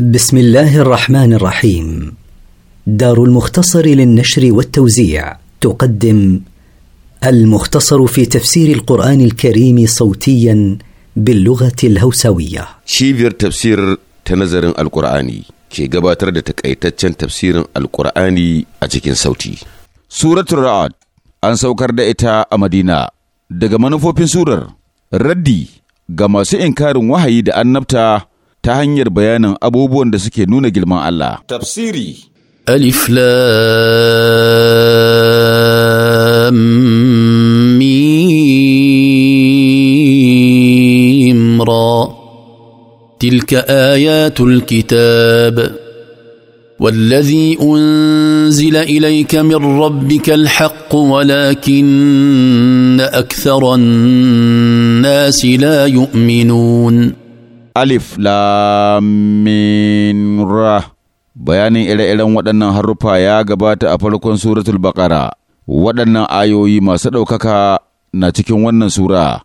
بسم الله الرحمن الرحيم دار المختصر للنشر والتوزيع تقدم المختصر في تفسير القرآن الكريم صوتيا باللغة الهوسوية شيفير تفسير تنظر القرآني كي قباتر تكأيتتشن تفسير القرآني أجيكين صوتي سورة الرعد أن سوكر دائتا أمدينة دقمان فوبين سورة ردي ga masu inkarin wahayi da annabta ta hanyar bayanin abubuwan da suke nuna girman Allah. Tafsiri Alif Lam Mim Ra Tilka ayatul kitab والذي انزل اليك من ربك الحق ولكن اكثر الناس لا يؤمنون Alif Lamin Ra. Bayanin ire-iren waɗannan haruffa ya gabata a farkon suratul bakara Waɗannan ayoyi masu ɗaukaka na cikin wannan sura,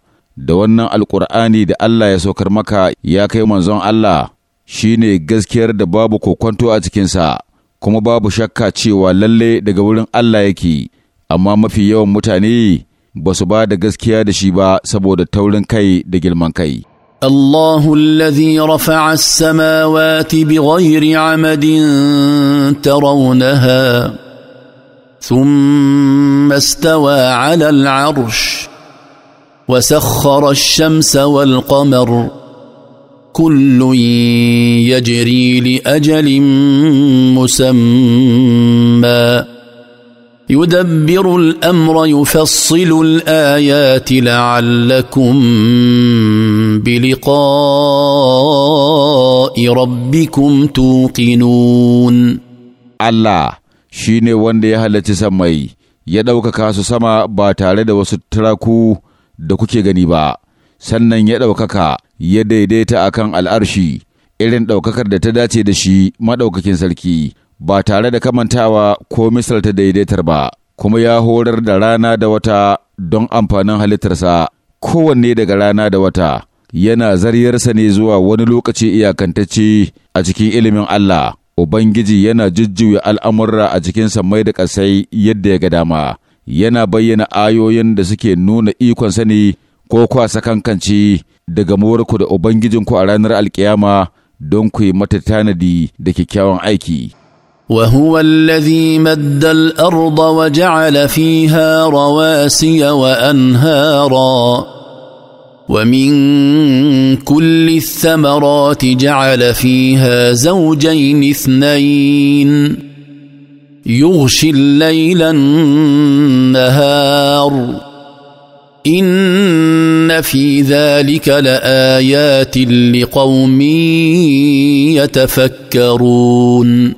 da wannan alƙur'ani da Allah ya saukar maka ya kai manzon Allah, shi ne gaskiyar da babu kokwanto a cikinsa, kuma babu shakka cewa lalle daga wurin Allah yake, amma mafi yawan mutane ba su ba da gaskiya da shi ba saboda taurin kai da girman kai. الله الذي رفع السماوات بغير عمد ترونها ثم استوى على العرش وسخر الشمس والقمر كل يجري لاجل مسمى yu يدبر الامر يفصل الايات لعلكم بلقاء ربكم توقنون الله shine wanda ya halarci sammai ya ɗaukaka su sama ba tare da wasu turaku da kuke gani ba sannan ya ɗaukaka ya daidaita a kan al'arshi irin ɗaukakar da ta dace da shi maɗaukakin sarki ba tare da kamantawa ko misalta daidaitar ba, kuma ya horar da rana da wata don amfanin halittarsa kowanne daga rana da wata yana zariyarsa ne zuwa wani lokaci iyakantacce a cikin ilimin Allah. Ubangiji yana jujjuya al'amurra a cikin mai da ƙasai yadda ya ga dama, yana bayyana ayoyin da suke nuna ikon sani ko kwasa kankanci daga morku da Ubangijinku a ranar alkiyama don ku yi mata tanadi da kyakkyawan aiki. وهو الذي مد الارض وجعل فيها رواسي وانهارا ومن كل الثمرات جعل فيها زوجين اثنين يغشي الليل النهار ان في ذلك لايات لقوم يتفكرون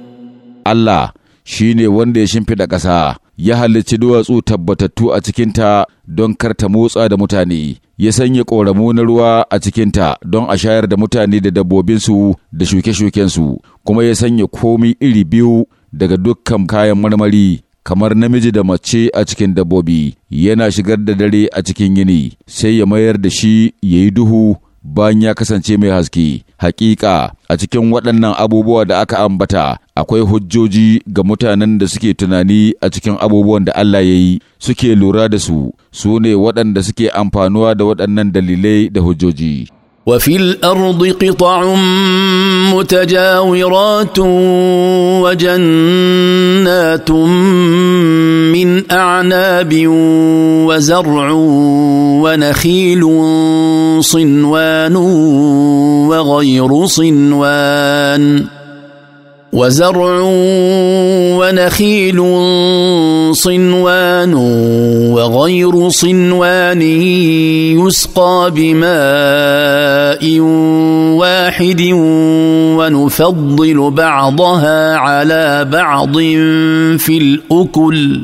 Allah shi ne wanda ya shimfiɗa ƙasa, ya halicci duwatsu tabbatattu a cikinta don karta motsa da mutane, ya sanya ƙoramu na ruwa a cikinta don a shayar da mutane da dabbobinsu da shuke-shukensu, kuma ya sanya komi iri biyu daga dukkan kayan marmari. Kamar namiji da mace a cikin dabbobi, yana shigar da dare a cikin yini, sai ya mayar da shi ya yi duhu bayan ya kasance mai haske hakika a cikin waɗannan abubuwa da aka ambata akwai hujjoji ga mutanen da suke tunani a cikin abubuwan da Allah ya yi suke lura da su su ne waɗanda suke amfanuwa da waɗannan dalilai da hujjoji. وفي الارض قطع متجاورات وجنات من اعناب وزرع ونخيل صنوان وغير صنوان وزرع ونخيل صنوان وغير صنوان يسقى بماء واحد ونفضل بعضها على بعض في الاكل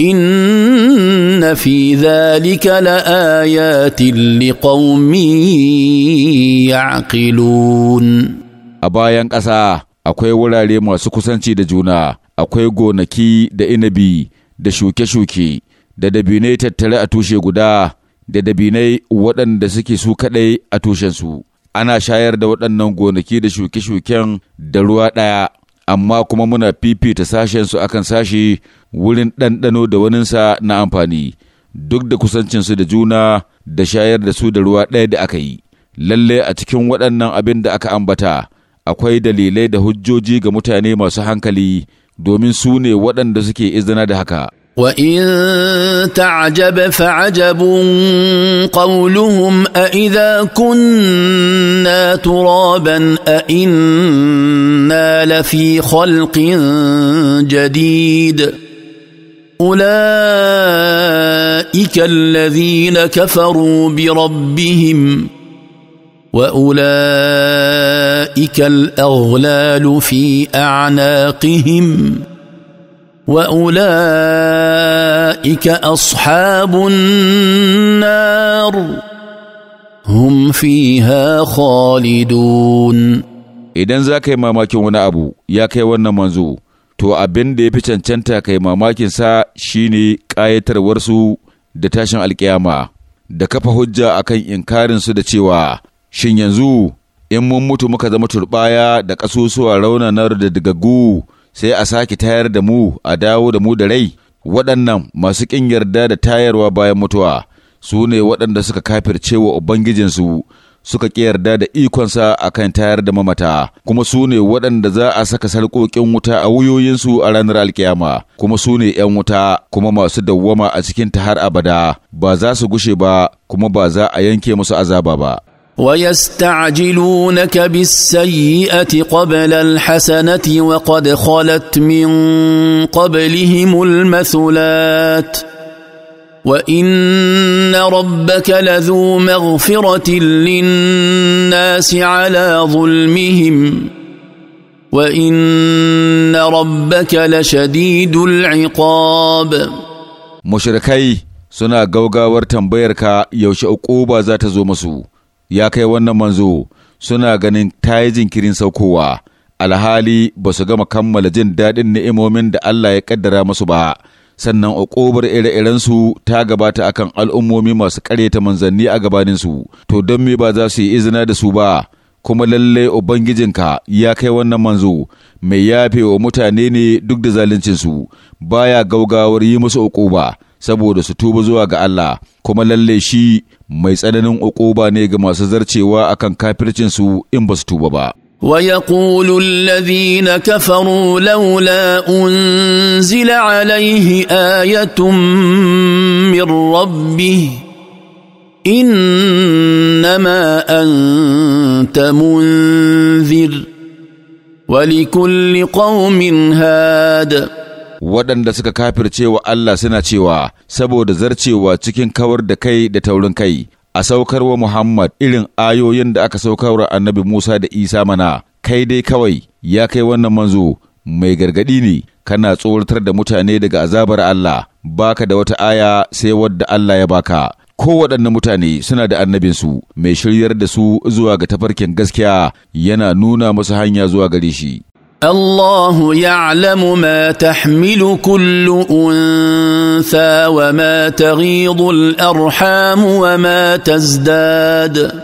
ان في ذلك لايات لقوم يعقلون ابا ينقصاه akwai wurare masu kusanci da juna, akwai gonaki da inabi da shuke-shuke, da dabinai tattare a tushe guda, da dabinai waɗanda suke su kaɗai a tushensu. Ana shayar da waɗannan gonaki da shuke-shuken da ruwa ɗaya, amma kuma muna fifita sashensu akan sashi wurin ɗanɗano da waninsa na amfani, duk da kusancinsu da juna da shayar da su da ruwa ɗaya da aka yi. Lalle a cikin waɗannan abin da aka ambata. akwai dalilai da hujjoji ga mutane masu hankali domin su ne waɗanda suke izina da haka. وان تعجب فعجب قولهم أإذا كنا ترابا أإنا لفي خلق جديد اولئك الذين كفروا بربهم واولئك الاغلال في اعناقهم واولئك اصحاب النار هم فيها خالدون idan za ka yi mamakin wani abu ya kai wannan manzo to abin da ya fi cancanta ka yi mamakinsa shine ƙayatarwarsu da tashin alƙiyama da kafa hujja akan inkarinsu da cewa Shin yanzu in mun mutu muka zama turbaya da ƙasusuwa raunanar da digaggu sai a sake tayar da mu a dawo da mu da rai waɗannan masu ƙin yarda da tayarwa bayan mutuwa su ne waɗanda suka kafirce wa ubangijinsu suka ƙi yarda da ikonsa a kan tayar da mamata kuma su ne waɗanda za a saka sarƙoƙin wuta a wuyoyinsu a ranar alkiyama kuma su ne ‘yan wuta kuma masu dawwama a cikin ta har abada ba za su gushe ba kuma ba za a yanke musu azaba ba. ويستعجلونك بالسيئه قبل الحسنه وقد خلت من قبلهم المثلات وان ربك لذو مغفره للناس على ظلمهم وان ربك لشديد العقاب مشركي سنا غوغا ورتم بيركا uquba اقوبا ذات زومسو ya kai wannan manzo suna ganin ta yi jinkirin saukowa alhali ba su gama kammala jin daɗin ni'imomin da Allah ya ƙaddara masu ba sannan uƙobar ire-irensu ta gabata akan al'ummomi masu ƙareta manzanni a gabaninsu to don me ba za su yi izina da su ba kuma lalle ubangijinka ya kai wannan manzo mai yafe wa mutane ne duk da zaluncinsu baya gaugawar yi musu ba. saboda su tuba zuwa ga Allah kuma lalle shi mai tsananin uquba ne ga masu zarcewa akan kafircin su in ba su tuba ba ويقول الذين كفروا لولا انزل عليه ايه من ربه انما انت منذر ولكل قوم هاد waɗanda suka kafircewa Allah suna cewa saboda zarcewa cikin kawar da kai da taurin kai a saukar wa Muhammad irin ayoyin da aka saukar annabi Musa da Isa mana kai dai kawai ya kai wannan manzo mai gargadi ne kana tsoratar da mutane daga azabar Allah baka da wata aya sai wadda Allah ya baka ko kowaɗanne mutane suna da annabinsu mai shiryar da su zuwa ga tafarkin gaskiya yana nuna musu hanya zuwa gare shi الله يعلم ما تحمل كل انثى وما تغيض الارحام وما تزداد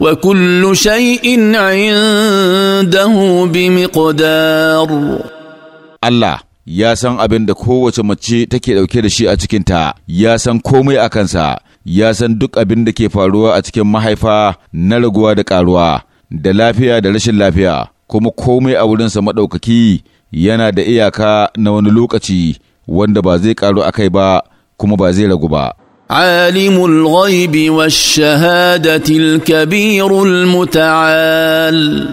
وكل شيء عنده بمقدار الله ya san abin da kowace mace take ɗauke da shi a cikinta, ya san komai a kansa, ya san duk abin da ke faruwa a cikin mahaifa na raguwa da ƙaruwa, da lafiya da rashin lafiya. kuma komai a wurinsa maɗaukaki yana da iyaka na wani lokaci wanda ba zai ƙaru a kai ba kuma ba zai ragu ba. عالم wa والشهادة kabirul المتعال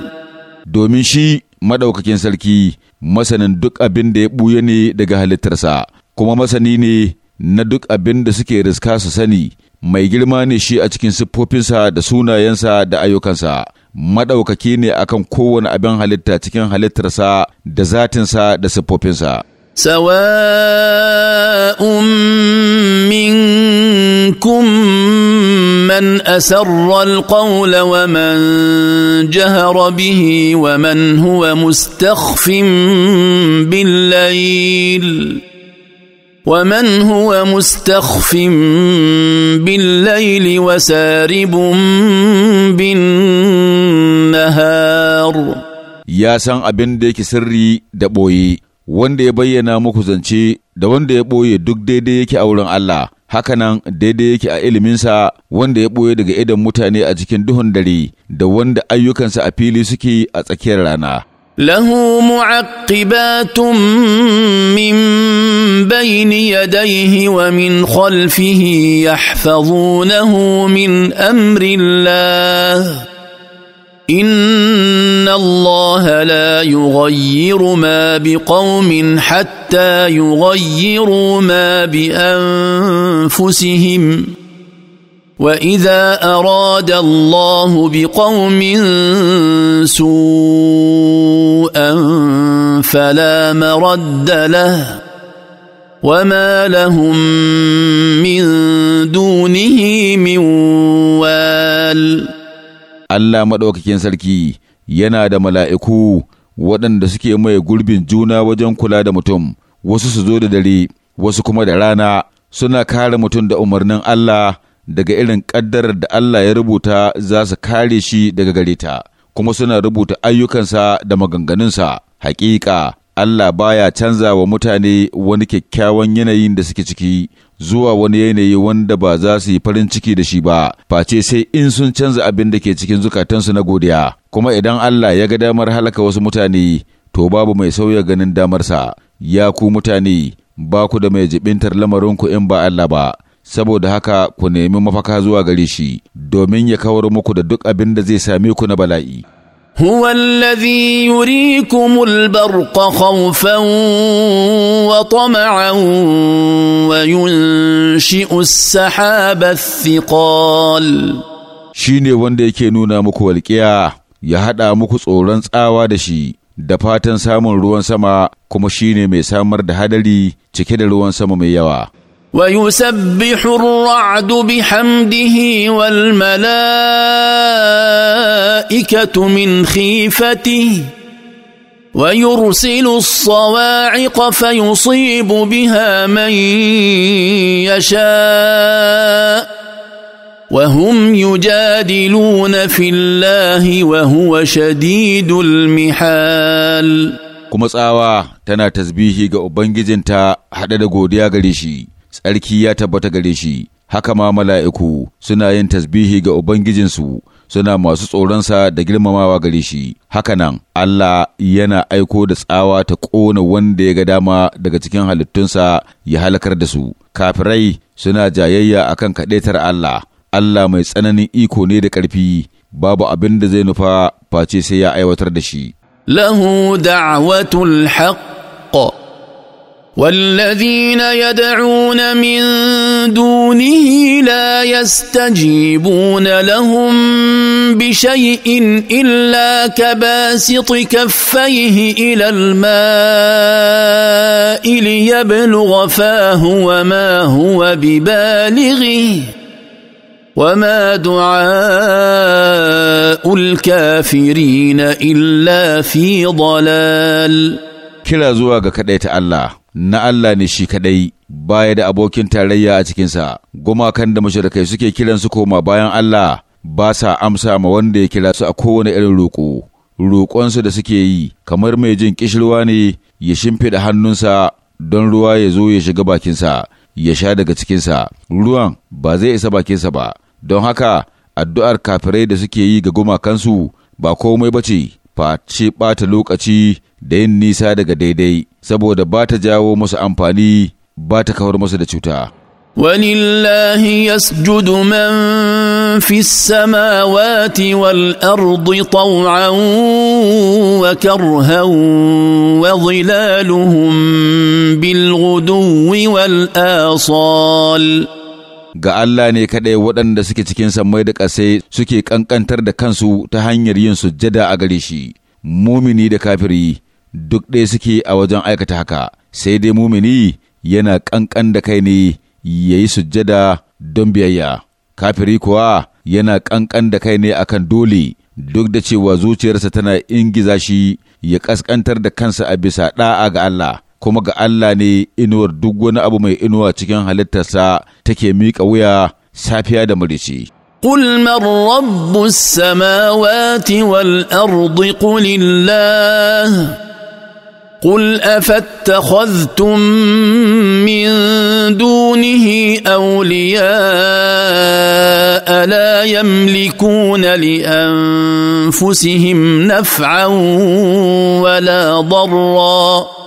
domin shi maɗaukakin sarki masanin duk abin da ya ɓuya ne daga halittarsa kuma masani ne na duk abin da suke riska su sani mai girma ne shi a cikin siffofinsa da sunayensa da ayyukansa Maɗaukaki ne akan kowane abin halitta cikin halittarsa da zatinsa da sifofinsa. Sawa min kun man a sarral wa man jihara bihi wa man huwa mustaƙfin bin layil. ومن هو مستخف بالليل وسارب بالنهار ya san abin da yake sirri da ɓoye wanda ya bayyana muku zance da wanda ya ɓoye duk daidai yake a wurin Allah hakanan daidai yake a iliminsa wanda ya ɓoye daga idan mutane a cikin duhun dare da wanda ayyukansa a fili suke a tsakiyar rana له معقبات من بين يديه ومن خلفه يحفظونه من امر الله ان الله لا يغير ما بقوم حتى يغيروا ما بانفسهم واذا اراد الله بقوم سوءا فلا مرد له وما لهم من دونه من وال الله maɗaukakin sarki yana da mala'iku waɗanda suke mai gurbin juna wajen kula da mutum wasu su zo da dare wasu kuma da rana suna kare mutum da umarnin Allah daga irin ƙaddarar da Allah ya rubuta za su kare shi daga gare ta, kuma suna rubuta ayyukansa da maganganunsa. Hakika, Allah baya canza wa mutane wani kyakkyawan yanayin da suke ciki zuwa wani yanayi wanda ba za su yi farin ciki da shi ba, face sai in sun canza abin da ke cikin zukatansu na godiya. Kuma idan Allah ya ga damar halaka wasu mutane, to babu mai sauya ganin damarsa, ya ku mutane, ba ku da mai jibintar lamarinku in ba Allah ba. saboda haka ku nemi mafaka zuwa gare shi domin ya kawar muku da duk abin da zai same ku na bala'i. هو الذي يريكم البرق خوفا وطمعا shine wanda yake nuna muku walƙiya ya haɗa muku tsoron tsawa da shi da fatan samun ruwan sama kuma shine mai samar da hadari cike da ruwan sama mai yawa ويسبح الرعد بحمده والملائكه من خيفته ويرسل الصواعق فيصيب بها من يشاء وهم يجادلون في الله وهو شديد المحال كما tsawa tana tasbihi ga Ubangijinta haɗe da tsarki ya tabbata gare shi, haka ma mala'iku suna yin tasbihi ga Ubangijinsu suna masu tsoronsa da girmamawa gare shi, haka nan Allah yana aiko da tsawa ta ƙona wanda ya ga dama daga cikin halittunsa ya halakar da su, kafirai suna jayayya akan kaɗaitar Allah, Allah mai tsananin iko ne da ƙarfi, babu abin da zai nufa face sai ya aiwatar da shi. Lahu da'watul haqq والذين يدعون من دونه لا يستجيبون لهم بشيء الا كباسط كفيه الى الماء ليبلغ فاه وما هو ببالغه وما دعاء الكافرين الا في ضلال كلا زواج كديت الله na Allah ne shi kaɗai, baya da abokin tarayya a cikinsa, gumakan da mashirkai suke kiran su koma bayan Allah ba sa amsa ma wanda ya kira su a kowane irin roƙo. Roƙonsu da suke yi, kamar mai jin ƙishirwa ne ya shimfiɗa hannunsa don ruwa ya zo ya shiga bakinsa, ya sha daga cikinsa, ruwan ba zai isa bakinsa ba, don haka addu'ar kafirai da suke yi ga gumakansu ba komai ba ce. face ɓata lokaci da yin nisa daga daidai saboda ba ta jawo masu amfani ba ta kawar musu da cuta. man ولله يسجد من في السماوات karhau طوعا وكرها وظلالهم بالغدو والاصال Ga Allah ne kaɗai waɗanda suke cikin sammai da ƙasai suke ƙanƙantar da kansu ta hanyar yin sujjada a gare shi, mumini da kafiri duk ɗaya suke a wajen aikata haka, sai dai mumini yana ƙanƙan da kai ne ya yi sujjada don biyayya, kafiri kuwa yana ƙanƙan da kai ne akan dole duk da cewa zuciyarsa tana ingiza shi ya ƙasƙantar da kansa a bisa ɗa'a ga Allah. kuma ga Allah ne inuwar duk wani abu mai inuwa cikin halittarsa take miƙa wuya safiya da marici. قل من رب السماوات والأرض قل الله قل أفاتخذتم من دونه أولياء لا يملكون لأنفسهم نفعا ولا ضرًّا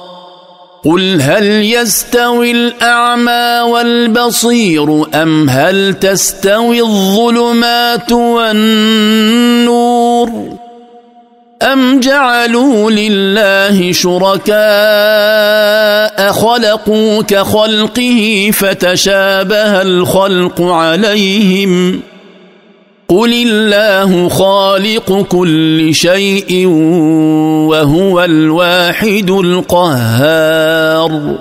قل هل يستوي الاعمى والبصير ام هل تستوي الظلمات والنور ام جعلوا لله شركاء خلقوا كخلقه فتشابه الخلق عليهم قل الله خالق كل شيء وهو الواحد القهار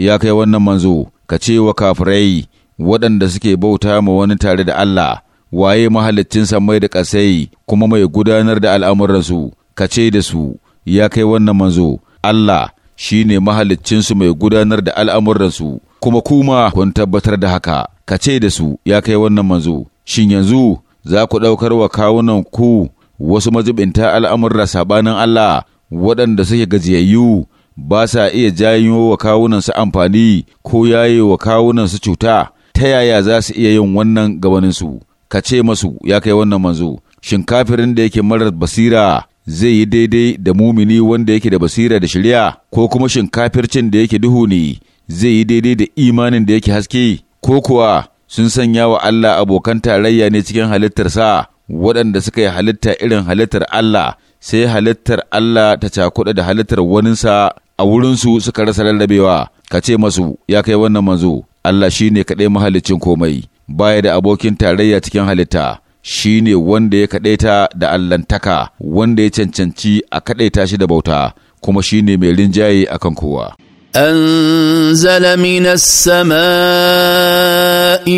ya kai wannan manzo ka ce wa kafirai waɗanda suke bauta ma wani tare da Allah waye mahalicin mai da ƙasai kuma mai gudanar da al'amuransu ka ce da su ya kai wannan manzo Allah shi ne mahaliccinsu mai gudanar da al'amuransu kuma kuma kun tabbatar da haka ka ce da su ya kai wannan manzo shin yanzu za ku ɗaukar wa kawunan ku wasu mazubinta al'amurra sabanin Allah waɗanda suke gajiyayyu ba sa iya janyo wa kawunan su amfani ko yaye wa kawunan su cuta ta yaya za su iya yin wannan gabaninsu ka ce masu ya kai wannan manzo shin kafirin da yake marar basira zai yi daidai da mumini wanda yake da basira da shirya ko kuma shin kafircin da yake duhu ne zai yi daidai da imanin da yake haske ko kuwa sun sanya wa Allah abokan tarayya ne cikin halittarsa waɗanda suka yi halitta irin halittar Allah sai halittar Allah ta cakuɗa da halittar waninsa a wurinsu suka rasa rarrabewa, ka ce masu ya kai wannan manzo Allah shi ne kaɗai mahalicin komai baya da abokin tarayya cikin halitta shi ne wanda ya kaɗaita da allantaka wanda ya cancanci a kaɗaita shi da bauta kuma shi ne mai rinjaye akan kowa. انزل من السماء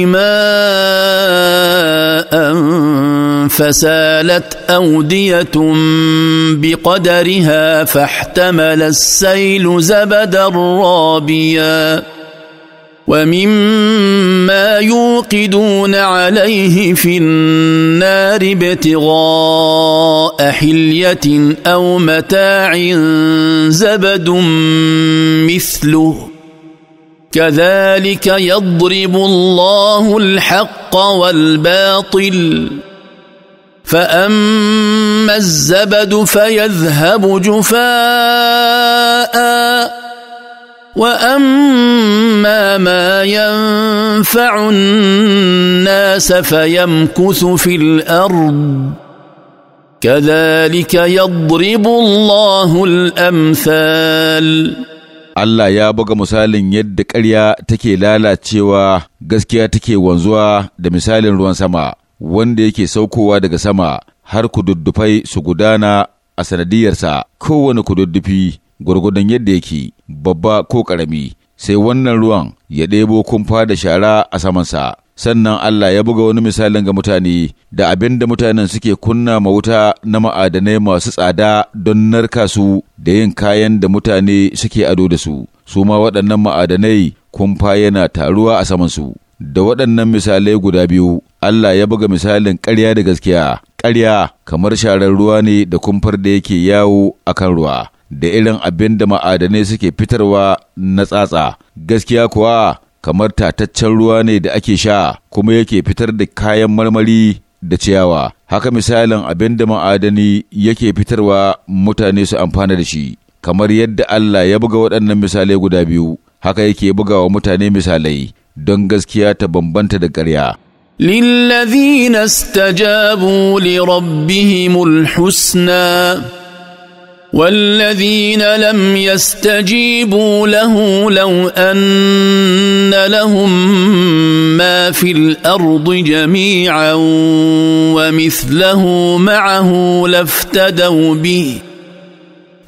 ماء فسالت اوديه بقدرها فاحتمل السيل زبدا رابيا ومما يوقدون عليه في النار ابتغاء حليه او متاع زبد مثله كذلك يضرب الله الحق والباطل فاما الزبد فيذهب جفاء واما ما ينفع الناس فيمكث في الارض كذلك يضرب الله الامثال Allah ya buga misalin yadda ƙarya take lalacewa gaskiya take wanzuwa da misalin ruwan sama wanda yake saukowa daga sama har kududdufai su gudana a sanadiyarsa kowane kududdufi gwargwadon yadda yake babba ko karami sai wannan ruwan ya ɗebo kumfa da shara a samansa sannan Allah ya buga wani misalin ga mutane da abin da mutanen suke kunna ma wuta na ma'adanai masu tsada don narka su da yin kayan da mutane suke ado da su su ma waɗannan ma'adanai kumfa yana taruwa a samansu da waɗannan misalai guda biyu Allah ya buga misalin ƙarya da gaskiya ƙarya kamar sharar ruwa ne da kumfar da yake yawo akan ruwa da irin abin da ma'adanai suke fitarwa na tsatsa, gaskiya kuwa kamar tataccen ruwa ne da ake sha kuma yake fitar da kayan marmari da ciyawa, haka misalin abin da ma'adani yake fitarwa mutane su amfana da shi, kamar yadda Allah ya buga waɗannan misalai guda biyu, haka yake bugawa mutane misalai don gaskiya ta bambanta da ƙarya. للذين استجابوا لربهم الحسنى والذين لم يستجيبوا له لو ان لهم ما في الارض جميعا ومثله معه لافتدوا به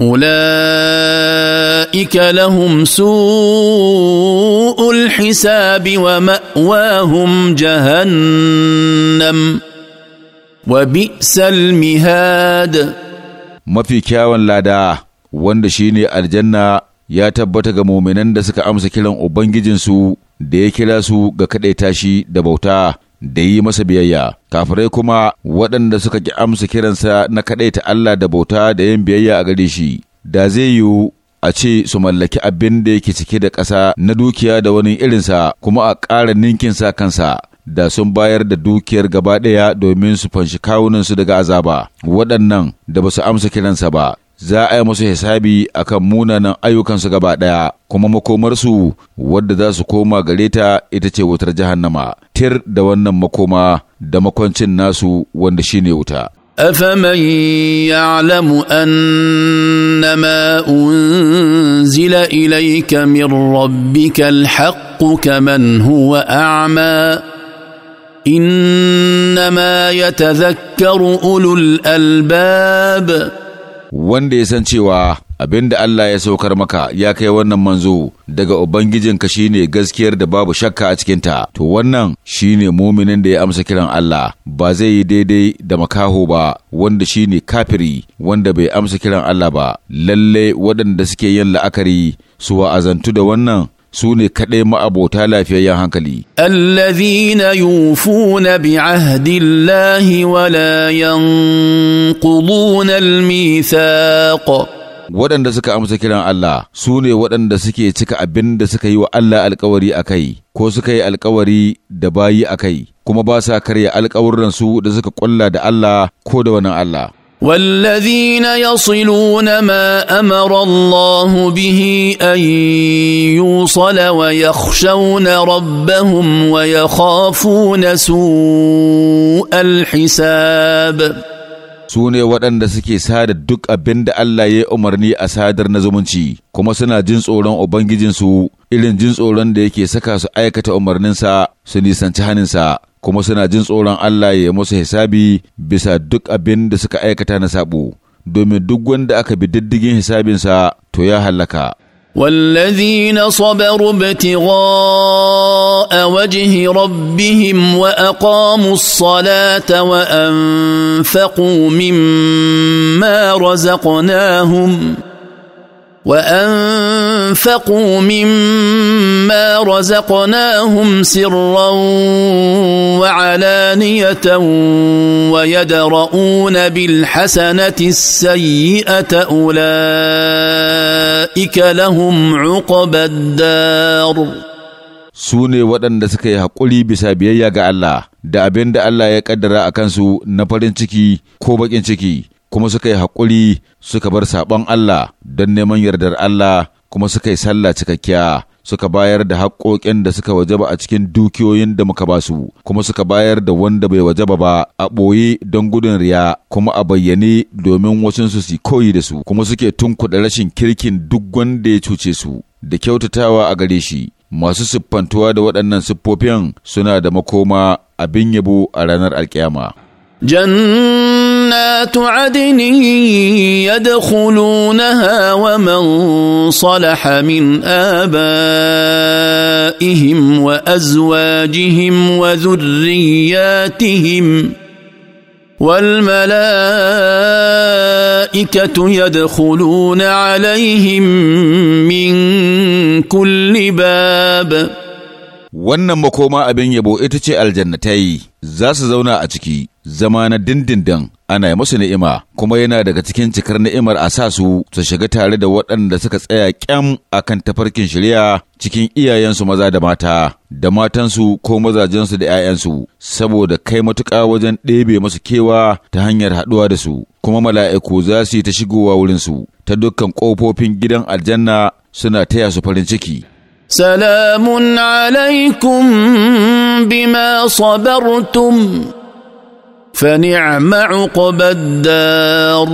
اولئك لهم سوء الحساب وماواهم جهنم وبئس المهاد mafi kyawun lada wanda shine aljanna ya tabbata ga muminan da suka amsa kiran ubangijinsu da ya kira su ga kaɗaita shi da bauta da yi masa biyayya kafirai kuma waɗanda suka ki amsa kiransa na kaɗaita Allah da bauta da yin biyayya a gare shi da zai yiwu a ce su mallaki abin da yake cike da ƙasa na dukiya da wani irinsa kuma a ƙara ninkinsa kansa da sun bayar da dukiyar gaba ɗaya domin su fanshi kawunansu daga azaba waɗannan da ba su amsa kiransa ba za a yi musu hisabi a kan munanan ayyukansu gaba ɗaya kuma makomarsu wadda za su koma gare ta ita ce wutar jahannama tir da wannan makoma da makwancin nasu wanda shine wuta أفمن يعلم أنما أنزل إليك من ربك الحق كمن هو أعمى إنما يتذكر أولو الألباب wanda ya san cewa abin da Allah ya saukar maka ya kai wannan manzo daga ubangijin ka shine gaskiyar da babu shakka a cikinta, to wannan shine muminin da ya amsa kiran Allah ba zai yi daidai da makaho ba wanda shine kafiri wanda bai amsa kiran Allah ba, lalle waɗanda suke yin la'akari su wa'azantu da wannan su ne kaɗai ma'abota lafiyayyen hankali. Allazina yufuna bi ahdillahi wala yanquduna al waɗanda suka amsa kiran Allah su ne waɗanda suke cika abin da suka yi wa Allah alkawari a kai ko suka yi alkawari da bayi a kai kuma ba sa karya alkawuransu da suka ƙulla da Allah ko da wani Allah. والذين يصلون ما امر الله به ان يوصل ويخشون ربهم ويخافون سوء الحساب su ne waɗanda suke sada duk abin da Allah ya umarni a sadar na zumunci kuma suna jin tsoron Ubangijinsu irin jin tsoron da yake saka su aikata umarninsa su nisanci haninsa kuma suna jin tsoron Allah ya musu hisabi bisa duk abin da suka aikata na saɓo, domin duk wanda aka bi diddigin hisabinsa to ya hallaka. والذين صبروا ابتغاء وجه ربهم واقاموا الصلاه وانفقوا مما رزقناهم وانفقوا مما رزقناهم سرا وعلانيه ويدرؤون بالحسنه السيئه اولئك لهم عقبى الدار su waɗanda suka yi haƙuri bisa biyayya ga Allah da abin da Allah ya ƙaddara a kansu na farin ciki ko baƙin ciki kuma suka yi haƙuri suka bar saɓon Allah don neman yardar Allah kuma suka yi sallah cikakkiya suka bayar da haƙoƙin da suka wajaba a cikin dukiyoyin da muka basu kuma suka bayar da wanda bai wajaba ba a ɓoye don gudun riya kuma a bayyane domin wasu su koyi da su kuma suke tunkuɗa rashin kirkin duk wanda ya cuce su da kyautatawa a gare shi masu siffantuwa da waɗannan siffofin suna da makoma abin yabo a ranar alƙiyama. جنات عدن يدخلونها ومن صلح من ابائهم وازواجهم وذرياتهم والملائكه يدخلون عليهم من كل باب wannan makoma abin yabo ita ce aljannatai za su zauna a ciki zama na dindindin ana yi musu ni'ima kuma yana daga cikin cikar ni'imar a sa su su shiga tare da waɗanda suka tsaya kyam a kan tafarkin shirya cikin iyayensu maza da mata da matansu ko mazajensu da 'ya'yansu saboda kai matuƙa wajen ɗebe masu kewa ta hanyar haɗuwa da su kuma mala'iku za su yi ta shigowa wurinsu ta dukkan ƙofofin gidan aljanna suna taya su farin ciki سلام عليكم بما صبرتم فنعم عقب الدار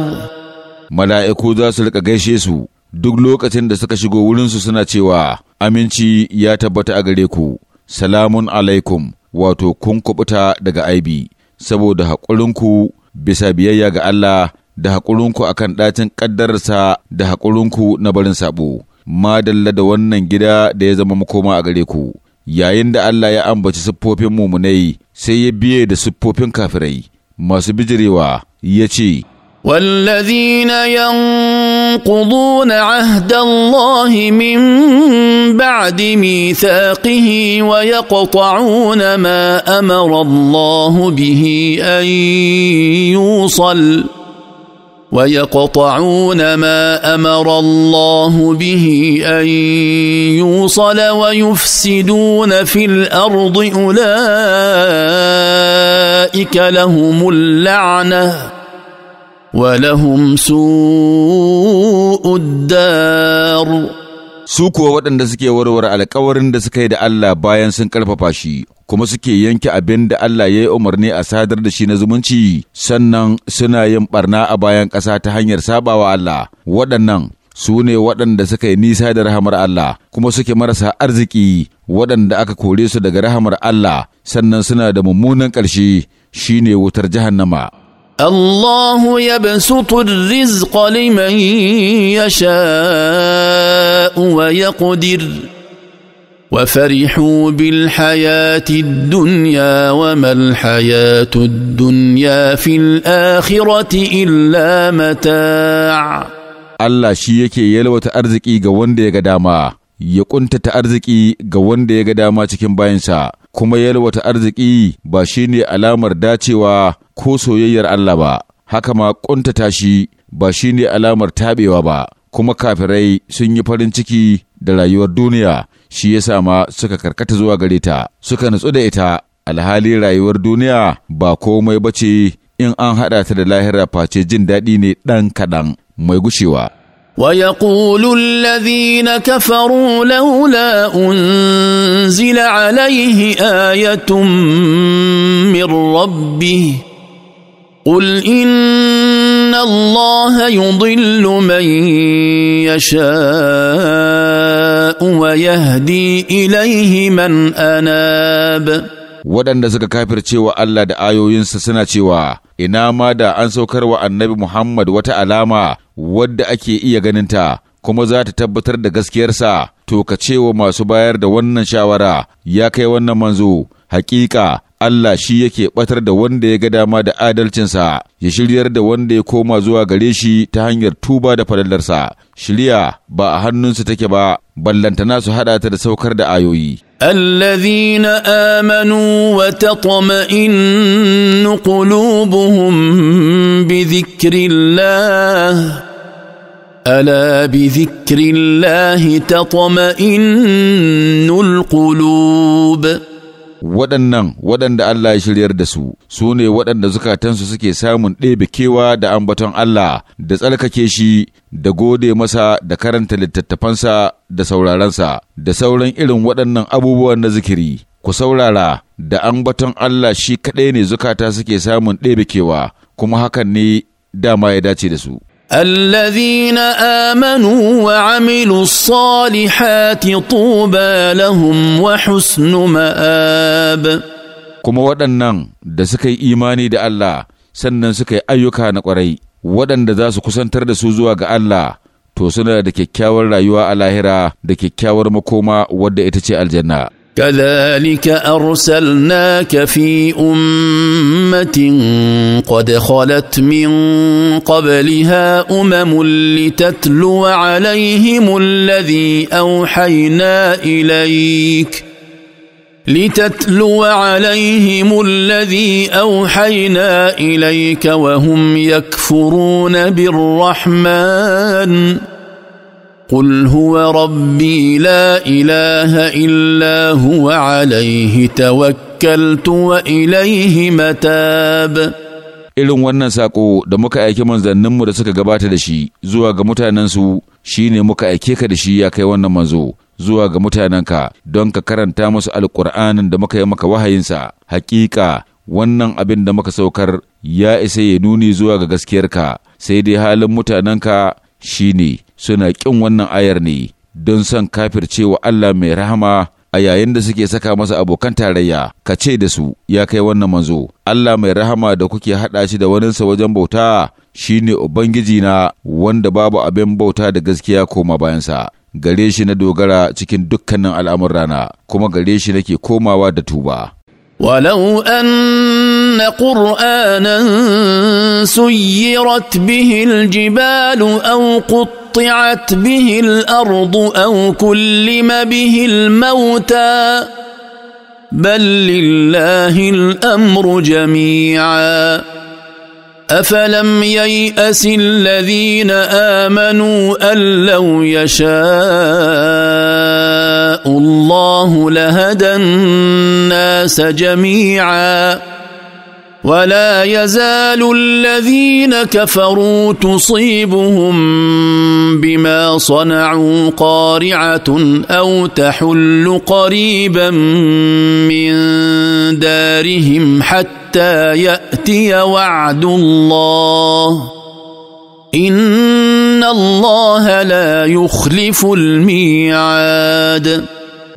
mala'iku za su rika gaishe su duk lokacin da suka shigo wurinsu suna cewa aminci ya tabbata a gare ku salamun alaikum wato kun kubuta daga aibi saboda haƙurinku bisa biyayya ga Allah da haƙurinku akan ɗacin ƙaddararsa da haƙurinku na barin saɓo. madalla da wannan gida da ya zama makoma a gare ku yayin da Allah ya ambaci siffofin mumunai sai ya biye da siffofin kafirai masu bijirewa ya ce والذين ينقضون عهد الله من بعد ميثاقه ويقطعون ما امر الله به ان يوصل ويقطعون ما امر الله به ان يوصل ويفسدون في الارض اولئك لهم اللعنه ولهم سوء الدار su kuwa waɗanda suke warware alkawarin da suka yi da Allah bayan sun ƙarfafa shi, kuma suke yanke abin da Allah ya yi umarni a sadar da shi na zumunci, sannan suna yin barna a bayan ƙasa ta hanyar sabawa Allah, waɗannan su ne waɗanda suka yi nisa da rahamar Allah, kuma suke marasa arziki waɗanda aka kore su daga rahamar Allah, sannan suna da mummunan ƙarshe shine ne wutar jahannama. الله يبسط الرزق لمن يشاء ويقدر وفرحوا بالحياه الدنيا وما الحياه الدنيا في الاخره illa متاع الله shi yake yalwata arziki ga wanda ya dama ya ƙuntata arziki ga wanda ya dama cikin bayansa kuma yalwata arziki ba shine alamar dacewa ko soyayyar Allah ba, haka ma ƙuntata shi ba shi ne alamar taɓewa ba, kuma kafirai sun yi farin ciki da rayuwar duniya shi ya sama suka karkata zuwa gare ta, suka nutsu da ita alhali rayuwar duniya ba komai ba ce in an haɗa ta da lahira face jin daɗi ne ɗan kaɗan mai gushewa. ويقول الذين كفروا لولا أنزل عليه آية من ربه قل ان الله يضل من يشاء ويهدي اليه من اناب waɗanda suka kafircewa Allah da ayoyinsa suna cewa ina ma da an saukar wa annabi Muhammad wata alama wadda ake iya ganinta kuma za ta tabbatar da gaskiyarsa to ka cewa masu bayar da wannan shawara ya kai wannan manzo hakika Allah shi yake ɓatar da wanda ya ga dama da adalcinsa, ya shiryar da wanda ya koma zuwa gare shi ta hanyar tuba da falalarsa. Shirya ba a hannunsu take ba, ballantana su haɗa ta da saukar da ayoyi. الذين امنوا وتطمئن قلوبهم بذكر الله الا بذكر الله تطمئن القلوب waɗannan waɗanda Allah ya shiryar da su su ne waɗanda zukatansu suke samun ɗebe kewa da ambaton Allah da tsarkake shi da gode masa da karanta littattafansa da sauraransa da sauran irin waɗannan abubuwan na zikiri ku saurara da ambaton Allah shi kaɗai ne zukata suke samun ɗebe kewa kuma hakan ne dama ya dace da su الذين امنوا وعملوا الصالحات طوبى لهم وحسن مآب kuma waɗannan da suka yi imani da Allah sannan suka yi ayyuka na ƙwarai waɗanda za su kusantar da su zuwa ga Allah to suna da kyakkyawar rayuwa a lahira da kyakkyawar makoma wadda ita ce aljanna كذلك ارسلناك في امه قد خلت من قبلها امم لتتلو عليهم الذي اوحينا اليك لتتلو عليهم الذي اوحينا اليك وهم يكفرون بالرحمن قل هو ربي لا اله الا هو عليه توكلت واليه متاب irin wannan saƙo da muka aiki manzanninmu da suka gabata da shi zuwa ga mutanensu shi ne muka aike ka da shi ya kai wannan manzo zuwa ga mutanenka don ka karanta musu alƙur'anin da muka yi maka wahayinsa hakika wannan abin da muka saukar ya isa ya nuni zuwa ga gaskiyarka sai dai halin mutanenka shi ne suna ƙin wannan ayar ne don son kafircewa Allah mai rahama a yayin da suke saka masa abokan tarayya ka ce da su ya kai wannan manzo Allah mai rahama da kuke haɗa shi da waninsa wajen bauta shine ubangiji na wanda babu abin bauta da gaskiya koma bayansa gare shi na dogara cikin dukkanin al'amurana kuma gare shi nake komawa da tuba ولو ان قرانا سيرت به الجبال او قطعت به الارض او كلم به الموتى بل لله الامر جميعا افلم يياس الذين امنوا ان لو يشاء يشاء الله لهدى الناس جميعا ولا يزال الذين كفروا تصيبهم بما صنعوا قارعه او تحل قريبا من دارهم حتى ياتي وعد الله ان الله لا يخلف الميعاد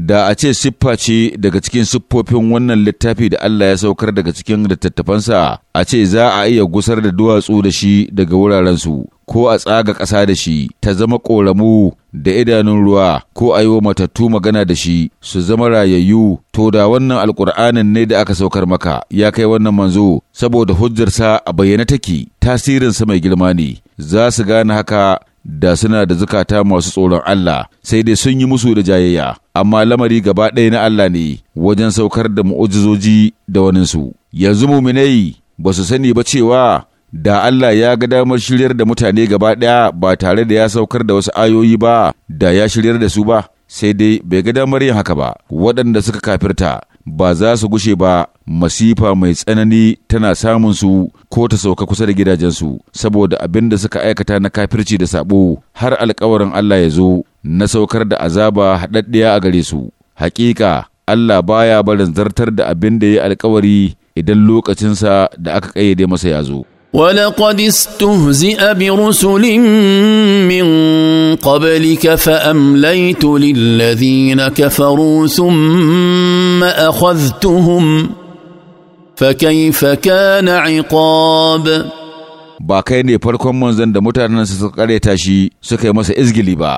da a ce siffa ce daga cikin siffofin wannan littafi da Allah ya saukar daga cikin littattafansa a ce za a iya gusar da duwatsu da shi daga wurarensu ko a tsaga ƙasa da shi ta zama ƙoramu da idanun ruwa ko a yi wa matattu magana da shi su zama rayayyu to da wannan alƙur'anin ne da aka saukar maka ya kai wannan manzo saboda hujjarsa a bayyana take tasirinsa mai girma ne za su gane haka da suna da zukata masu tsoron Allah sai dai sun yi musu da jayayya amma lamari gaba ɗaya na Allah ne wajen saukar da mu'ujizoji da waninsu yanzu muminai ba su sani ba cewa da Allah ya ga damar shiryar da mutane gaba ɗaya ba tare da ya saukar da wasu ayoyi ba da ya shiryar da su ba sai dai bai ga damar yin haka ba waɗanda suka kafirta ba za su gushe ba masifa mai tsanani tana samun su ko ta sauka kusa da gidajensu saboda abin da suka aikata na kafirci da sabo har alkawarin Allah ya zo na saukar da azaba haɗaɗɗiya a gare su hakika Allah baya barin zartar da abin da ya alkawari idan lokacinsa da aka ƙayyade masa ya zo ولقد استهزئ برسل من قبلك فامليت للذين كفروا ثم اخذتهم فكيف كان عقاب ba kai ne farkon manzon da mutanen su suka kareta shi suka yi masa izgili ba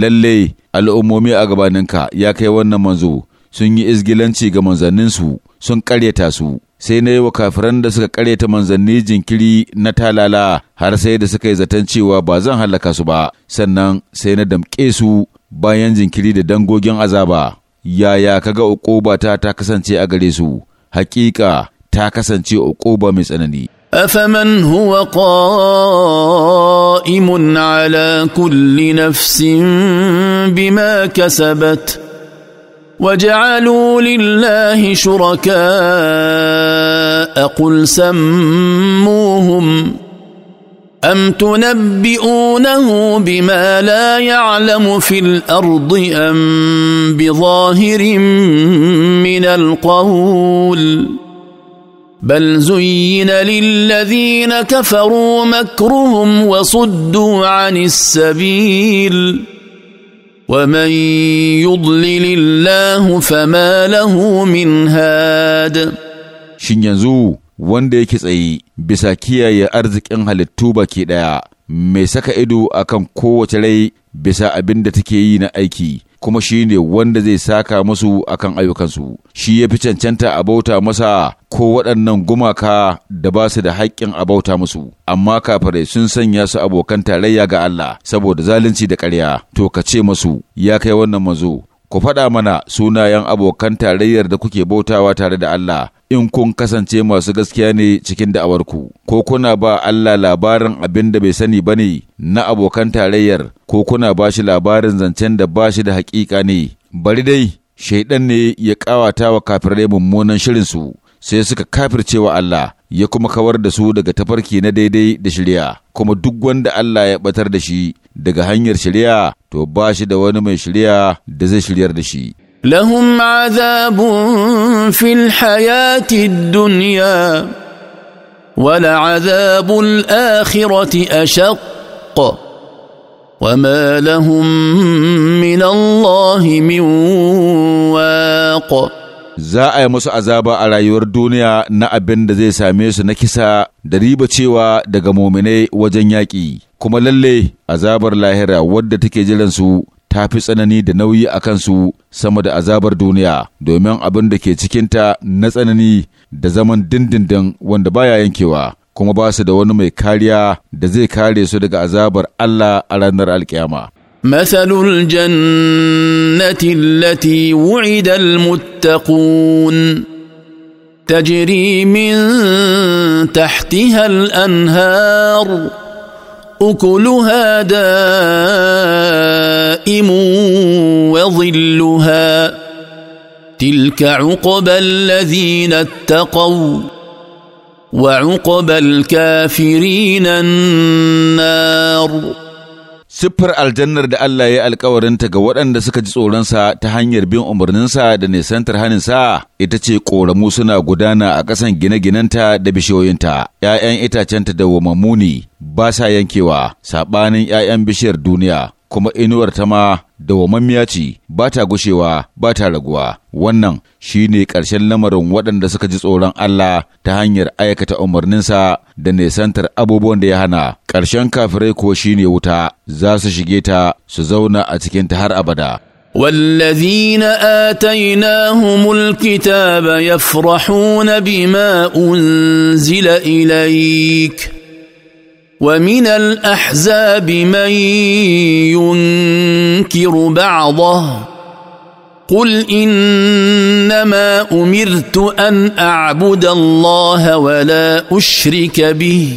lalle al'ummomi a gabaninka ya kai wannan manzo sun yi izgilanci ga manzanninsu sun karyata su sai na yi wa kafiran da suka ta manzanni jinkiri na talala har sai da suka yi zaton cewa ba zan hallaka su ba sannan sai na damƙe su bayan jinkiri da dangogin azaba yaya kaga uqubata ta ta kasance a gare su hakika ta kasance uquba mai tsanani أفمن هو قائم على كل نفس بما كسبت وجعلوا لله شركاء قل سموهم ام تنبئونه بما لا يعلم في الارض ام بظاهر من القول بل زين للذين كفروا مكرهم وصدوا عن السبيل ومن يضلل الله فما له من هاد shin yanzu wanda yake tsaye bisa kiyaye arzikin halittu baki ɗaya mai saka ido akan kowace rai bisa abin da take yi na aiki kuma shi ne wanda zai saka musu akan ayyukansu shi ya fi cancanta a bauta masa ko waɗannan gumaka da ba su da haƙƙin a bauta musu amma kafirai sun sanya su abokan tarayya ga Allah saboda zalunci da ƙarya to ka ce musu ya kai wannan mazo ku faɗa mana sunayen abokan tarayyar da kuke bautawa tare da Allah in kun kasance masu gaskiya ne cikin da'awarku, ko kuna ba Allah labarin abin da bai sani ba ne na abokan tarayyar, ko kuna ba shi labarin zancen da ba shi da haƙiƙa ne, bari dai, shaiɗan ne ya ƙawata wa kafirai mummunan shirinsu, sai suka kafircewa Allah, ya kuma kawar da su daga tafarki na daidai da shirya, kuma duk wanda Allah ya batar da shi daga hanyar shirya, to ba shi da wani mai shirya da zai shiryar da shi. Lahum azabun في الحياة الدنيا ولعذاب الآخرة أشق وما لهم من الله من واق za a yi musu azaba a rayuwar duniya na abin da zai same su na kisa da riba cewa daga mominai wajen yaƙi kuma lalle azabar lahira wadda take jiransu ta fi tsanani da nauyi a kansu sama da azabar duniya domin abin da ke cikinta na tsanani da zaman dindindin wanda baya yankewa kuma ba su da wani mai kariya da zai kare su daga azabar Allah a ranar alkiyama. مثل الجنة التي وعد المتقون تجري من تحتها الأنهار اكلها دائم وظلها تلك عقبى الذين اتقوا وعقبى الكافرين النار siffar aljannar da Allah ya yi alkawarinta ga waɗanda suka ji tsoronsa ta hanyar bin umarninsa da nisantar haninsa ita ce ƙoramu suna gudana a ƙasan gine-ginenta da bishiyoyinta, ‘ya'yan itacenta da wamamuni ba sa yankewa, saɓanin ‘ya'yan bishiyar duniya kuma inuwar ta ma mamiya ce ba ta gushewa ba ta raguwa wannan shi ne ƙarshen lamarin waɗanda suka ji tsoron Allah ta hanyar aikata umarninsa da nesantar abubuwan da ya hana ƙarshen kafirai shi ne wuta za su shige ta su zauna a cikin ta har abada والذين آتيناهم الكتاب يفرحون بما أنزل إليك ومن الاحزاب من ينكر بعضه قل انما امرت ان اعبد الله ولا اشرك به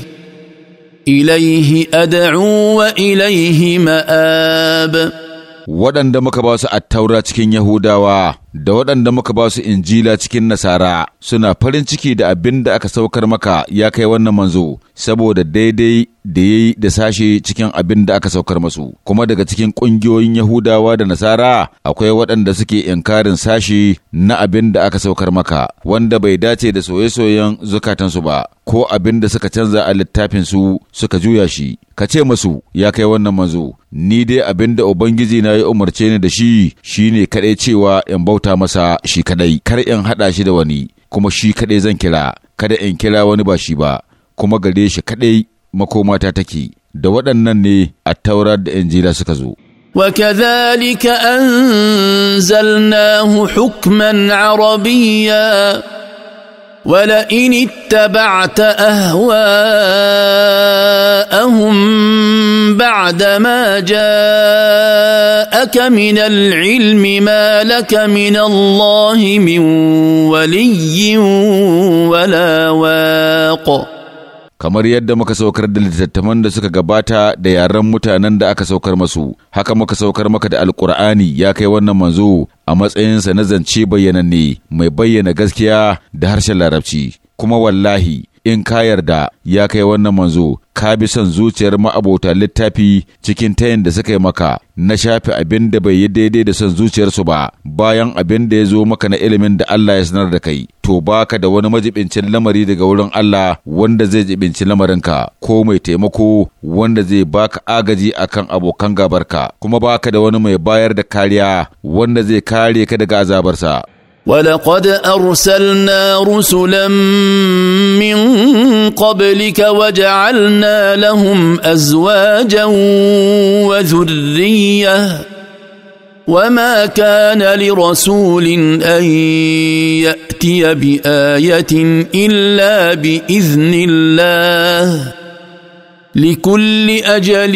اليه ادعو واليه ماب waɗanda muka ba su attaura cikin Yahudawa da waɗanda muka ba su injila cikin Nasara suna farin ciki da abin da aka saukar maka ya kai wannan manzo saboda daidai da yayi da sashe cikin abin da aka saukar masu kuma daga cikin ƙungiyoyin Yahudawa da Nasara akwai waɗanda suke inkarin sashe na abin da aka saukar maka wanda bai dace da soye-soyen zukatansu ba ko abin da suka canza a littafin su suka juya shi ka ce masu ya kai wannan manzo ni dai abin da ubangiji na ya umarce ni da shi shine kaɗai cewa in bauta masa shi kaɗai kar in haɗa shi da wani kuma shi kaɗai zan kira kada in kira wani ba shi ba kuma gare shi kadai makomata take da waɗannan ne a taurar da injila suka zo وكذلك أنزلناه حكما عربيا ولئن اتبعت اهواءهم بعد ما جاءك من العلم ما لك من الله من ولي ولا واق kamar yadda muka saukar da littattafan da suka gabata da yaren mutanen da aka saukar masu haka muka saukar maka da alkur'ani ya kai wannan manzo a matsayinsa na zance bayyananne mai bayyana gaskiya da harshen larabci kuma wallahi in ka yarda ya kai wannan manzo ka bi son zuciyar ma'abota littafi cikin tayin da suka yi maka na shafe abin da bai yi daidai da son zuciyarsu ba bayan abin da ya zo maka na ilimin da Allah ya sanar da kai to baka da wani majibincin lamari daga wurin Allah wanda zai jibinci lamarinka ko mai taimako wanda zai baka agaji akan abokan gabarka kuma baka da wani mai bayar da kariya wanda zai kare ka daga azabarsa ولقد ارسلنا رسلا من قبلك وجعلنا لهم ازواجا وذريه وما كان لرسول ان ياتي بايه الا باذن الله لكل اجل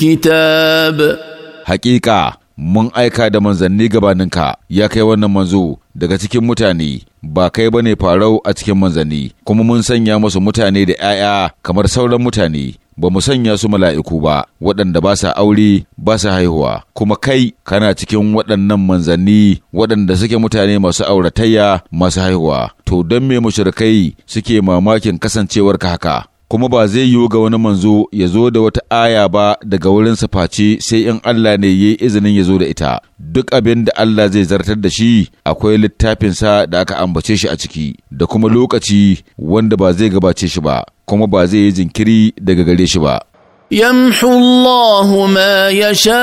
كتاب حقيقه mun aika da manzanni gabaninka ya kai wannan manzo daga cikin mutane ba kai bane farau a cikin manzanni kuma mun sanya musu mutane da 'ya'ya kamar sauran mutane ba mu sanya su mala'iku ba waɗanda ba sa aure ba sa haihuwa kuma kai kana cikin waɗannan manzanni waɗanda suke mutane masu auratayya masu haihuwa to don me mushrikai suke mamakin kasancewarka haka kuma ba zai yiwu ga wani manzo ya zo da wata aya ba daga wurinsa face sai in Allah ne ya yi izinin ya zo da ita duk abin da Allah zai zartar da shi akwai littafinsa da aka ambace shi a ciki da kuma lokaci wanda ba zai gabace shi ba kuma ba zai yi jinkiri daga gare shi ba Yamhu ma yasha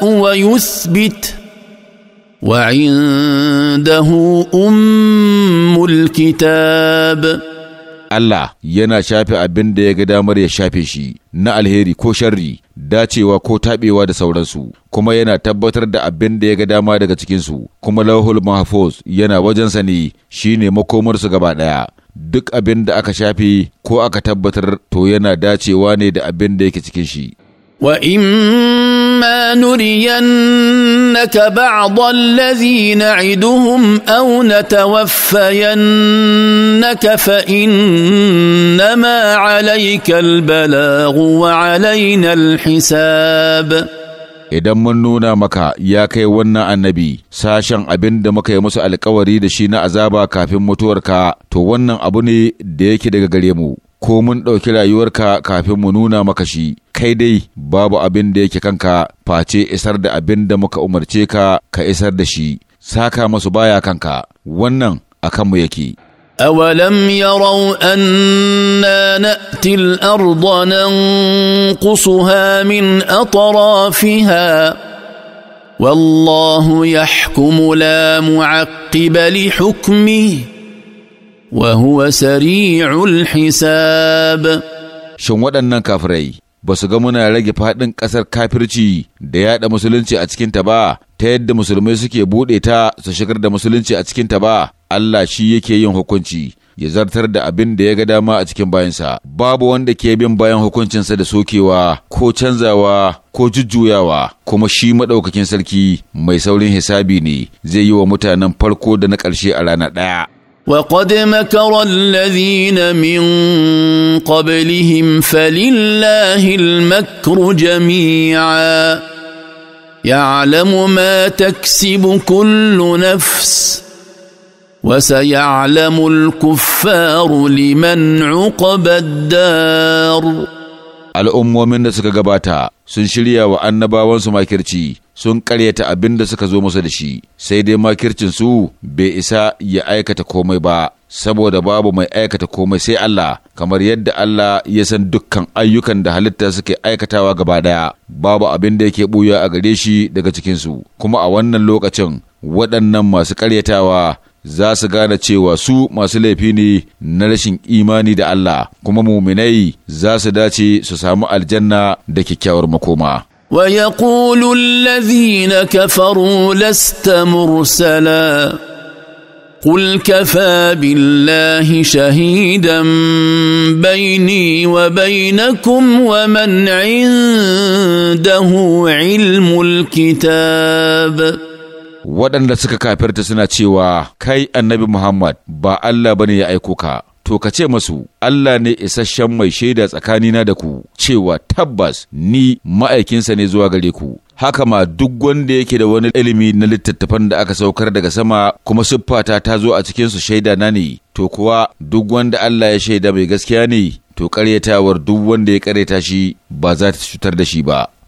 wa yusbit wa 'indahu ummul Kitab. Allah yana shafe abin da ya ga damar ya shafe shi na alheri ko sharri dacewa ko taɓewa da sauransu kuma yana tabbatar da abin da ya ga dama daga cikinsu kuma lauhul mahfuz yana wajensa ne shine makomarsu gaba ɗaya duk abin da aka shafe ko aka tabbatar to yana dacewa ne da abin da yake cikin shi إما نرينك بعض الذي نعدهم أو نتوفينك فإنما عليك البلاغ وعلينا الحساب idan mun nuna maka ya kai wannan annabi sashen abin da muka yi musu alkawari da shi na azaba kafin mutuwarka to wannan abu ne da yake daga gare mu ko mun ɗauki rayuwarka kafin mu nuna maka shi, kai dai babu abin da yake kanka face isar da abin da muka umarce ka ka isar da shi, saka masu baya kanka, wannan a kanmu yake. أولم يروا أنا نأتي الأرض ننقصها من أطرافها والله يحكم لا معقب لحكمه وهو سريع الحساب shin waɗannan kafirai ba su ga muna rage faɗin ƙasar kafirci da yaɗa musulunci a cikinta ba ta yadda musulmai suke buɗe ta su shigar da musulunci a cikinta ba Allah shi yake yin hukunci ya zartar da abin da ya ga dama a cikin bayansa babu wanda ke bin bayan hukuncinsa da sokewa ko canzawa ko jujjuyawa kuma shi maɗaukakin sarki mai saurin hisabi ne zai yi wa mutanen farko da na ƙarshe a rana ɗaya وقد مكر الذين من قبلهم فلله المكر جميعا يعلم ما تكسب كل نفس وسيعلم الكفار لمن عقبى الدار al'ummomin da suka gabata sun shirya wa annabawansu makirci sun karyata abin da suka zo masa da shi sai dai makircin su bai isa ya aikata komai ba saboda babu mai aikata komai sai Allah kamar yadda Allah ya san dukkan ayyukan da halitta suke aikatawa gaba daya babu abin da yake buya a gare shi daga cikin su kuma a wannan lokacin waɗannan masu karyatawa za su gane cewa su masu laifi ne na rashin imani da Allah kuma muminai za su dace su samu aljanna da kyakkyawar makoma ويقول الذين كفروا لست مرسلا قل كفى بالله شهيدا بيني وبينكم ومن عنده علم الكتاب waɗanda suka kafirta suna cewa kai annabi Muhammad ba Allah bane ya aiko ka to ka ce masu Allah ne isasshen mai shaida tsakanina da ku cewa tabbas ni ma'aikinsa ne zuwa gare ku haka ma duk wanda yake da wani ilimi na littattafan da aka saukar daga sama kuma siffata ta zo a cikinsu shaida na ne to kuwa duk wanda Allah ya shaida mai gaskiya ne to karyatawar duk wanda ya karyata shi ba za ta cutar da shi ba